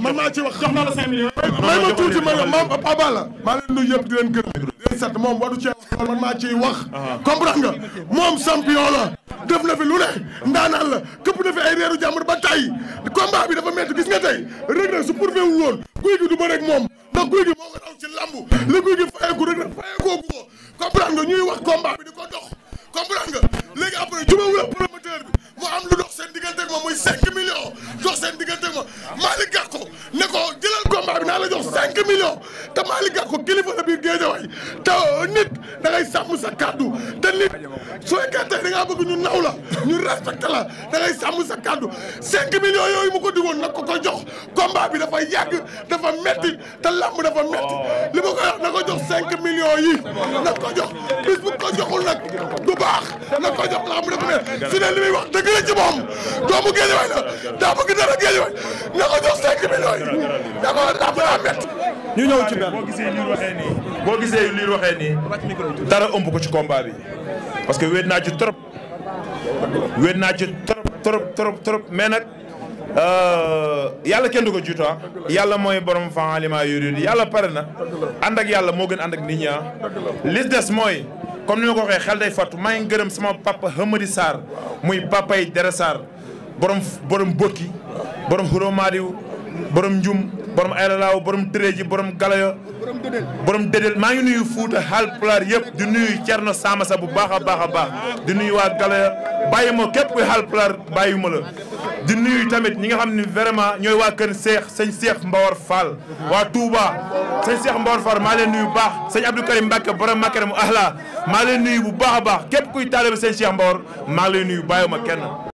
man maa ci wax jox ma tuuti ma maam Abba la. maa leen nuyu yëpp di leen gërëm. di leen sant moom waru cee wax man maa ciy wax. comprendre nga moom champion la. def na fi lu ne ndaanaan la këpp na fi ay reeru jàmbur ba tay combat bi dafa métti gis nga tey Reug Reug su pourfait wu guy gi du ba rek moom ndax guy gi moo ko daw ci lamb li guy gi fayeeku Reug Reug fayeekoo ko comprendre ñuy wax combat di ko dox comprendre nga léegi après jubawul ko Malick Gakou ne ko jëlal combat bi naa la jox 5 millions te Malick Gakou kilifa la biir géejawaay te nit da ngay sàmm sa kàddu. su fekkee tey da ngaa bëgg ñu naw la ñu respecté la da ngay sàmm sa kàddu 5 millions yooyu mu ko digoon na ko ko jox combat bi dafa yàgg dafa metti te làmb dafa metti oh. li ma ko wax na ko jox 5 millions yi na ko jox bis bu ko joxul nag du baax na ko jox làmb dafa metti su ne li muy wax dëgg la ci moom doomu géej waay la daa bëgg dara géej waay na ko jox 5 millions yi da ko làmb daa metti ñu ñëw ci benn boo gisee liir waxee nii boo gisee liir waxee nii dara ëmb ko ci combat bi parce que wéet naa ci trop wéet naa ci trop trop trop trop mais nag euh, yàlla kenn du ko jiitu ah. yàlla mooy borom fan li maa yuridu yàlla pare na ànd ak yàlla moo gën ànd ak nit ñi ah. li des mooy comme ni ma ko waxee xel day fàttu maa ngi gërëm sama papa Hamadi Sarr muy papay Dere Sarr borom bokki borom xuróomaadiw borom njum borom ay lalaaw borom dëree ji borom galaya borom dédéel maa ngi nuyu Fuuta Haalpulaar yëpp di nuyu Cerno Samasa bu baax a baax a baax di nuyu waa galaya bàyyi ma képp kuy Haalpulaar bàyyi ma la di nuyu tamit ñi nga xam ne vraiment ñooy waa kër Seex sëñ Seex Mbawar Fall waa Touba sëñ Seex Mbawar Fall maa leen nuyu bu baax sëñ Abdou Karim Mbacke borom mu Ahla maa leen nuyu bu baax a baax képp kuy taalibe sëñ Seex Mbawar maa leen nuyu baay ma kenn